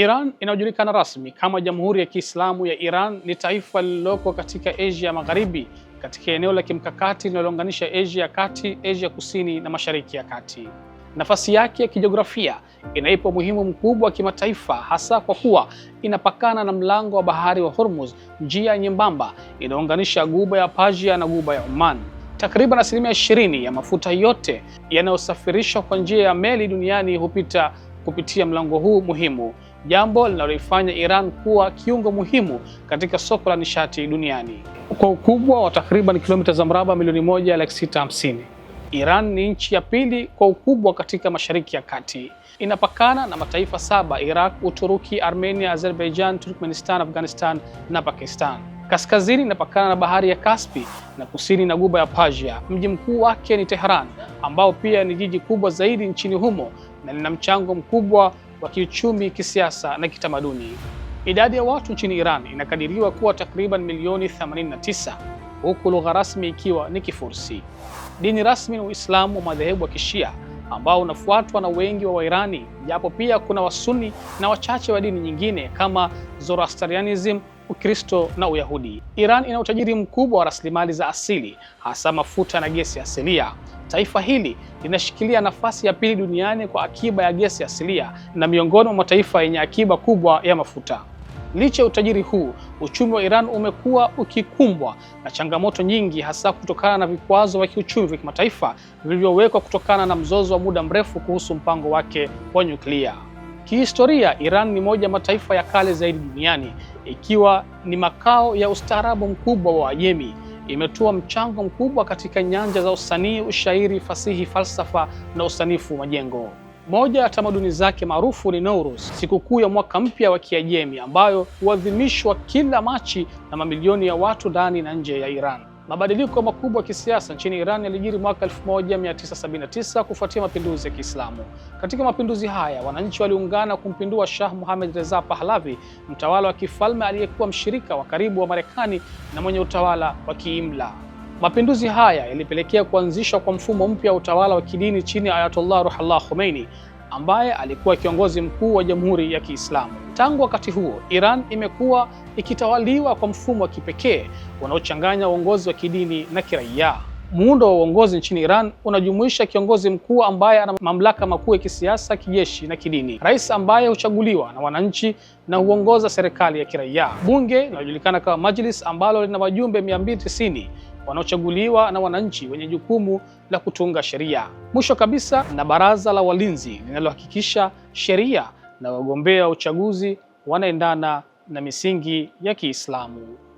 Iran inayojulikana rasmi kama Jamhuri ya Kiislamu ya Iran ni taifa lililoko katika Asia ya Magharibi katika eneo la kimkakati linalounganisha Asia ya Kati, Asia Kusini na Mashariki ya Kati. Nafasi yake ya kijiografia inaipa umuhimu mkubwa wa kimataifa hasa kwa kuwa inapakana na mlango wa bahari wa Hormuz, njia nyembamba inayounganisha guba ya Persia na guba ya Oman. Takriban asilimia ishirini ya mafuta yote yanayosafirishwa kwa njia ya meli duniani hupita kupitia mlango huu muhimu, jambo linaloifanya Iran kuwa kiungo muhimu katika soko la nishati duniani. Kwa ukubwa wa takriban kilomita za mraba milioni moja laki sita hamsini, Iran ni nchi ya pili kwa ukubwa katika Mashariki ya Kati. Inapakana na mataifa saba: Iraq, Uturuki, Armenia, Azerbaijan, Turkmenistan, Afghanistan na Pakistan. Kaskazini inapakana na bahari ya Kaspi na kusini na guba ya Persia. Mji mkuu wake ni Tehran ambao pia ni jiji kubwa zaidi nchini humo na lina mchango mkubwa wa kiuchumi, kisiasa na kitamaduni. Idadi ya watu nchini Iran inakadiriwa kuwa takriban milioni 89 huku lugha rasmi ikiwa ni Kifursi. Dini rasmi ni Uislamu wa madhehebu ya Kishia ambao unafuatwa na wengi wa Wairani, japo pia kuna Wasuni na wachache wa dini nyingine kama Zoroastrianism, Ukristo na Uyahudi. Iran ina utajiri mkubwa wa rasilimali za asili, hasa mafuta na gesi asilia. Taifa hili linashikilia nafasi ya pili duniani kwa akiba ya gesi asilia na miongoni mwa mataifa yenye akiba kubwa ya mafuta. Licha ya utajiri huu, uchumi wa Iran umekuwa ukikumbwa na changamoto nyingi, hasa kutokana na vikwazo vya kiuchumi vya kimataifa vilivyowekwa kutokana na mzozo wa muda mrefu kuhusu mpango wake wa nyuklia. Kihistoria, Iran ni moja mataifa ya kale zaidi duniani, ikiwa ni makao ya ustaarabu mkubwa wa Ajemi imetoa mchango mkubwa katika nyanja za usanii, ushairi, fasihi, falsafa na usanifu majengo. Moja ya tamaduni zake maarufu ni Nowruz, sikukuu ya mwaka mpya wa Kiajemi ambayo huadhimishwa kila Machi na mamilioni ya watu ndani na nje ya Iran. Mabadiliko makubwa ya kisiasa nchini Iran yalijiri mwaka 1979 kufuatia mapinduzi ya Kiislamu. Katika mapinduzi haya, wananchi waliungana kumpindua Shah Mohammad Reza Pahlavi, mtawala wa kifalme aliyekuwa mshirika wa karibu wa Marekani na mwenye utawala wa kiimla. Mapinduzi haya yalipelekea kuanzishwa kwa mfumo mpya wa utawala wa kidini chini ya Ayatollah Ruhollah Khomeini ambaye alikuwa kiongozi mkuu wa Jamhuri ya Kiislamu. Tangu wakati huo, Iran imekuwa ikitawaliwa kwa mfumo wa kipekee unaochanganya uongozi wa kidini na kiraia. Muundo wa uongozi nchini Iran unajumuisha kiongozi mkuu ambaye ana mamlaka makuu ya kisiasa, kijeshi na kidini, rais ambaye huchaguliwa na wananchi na huongoza serikali ya kiraia, bunge linalojulikana kama Majlis ambalo lina wajumbe 290 wanaochaguliwa na wananchi wenye jukumu la kutunga sheria. Mwisho kabisa, na baraza la walinzi linalohakikisha sheria na wagombea uchaguzi wanaendana na misingi ya Kiislamu.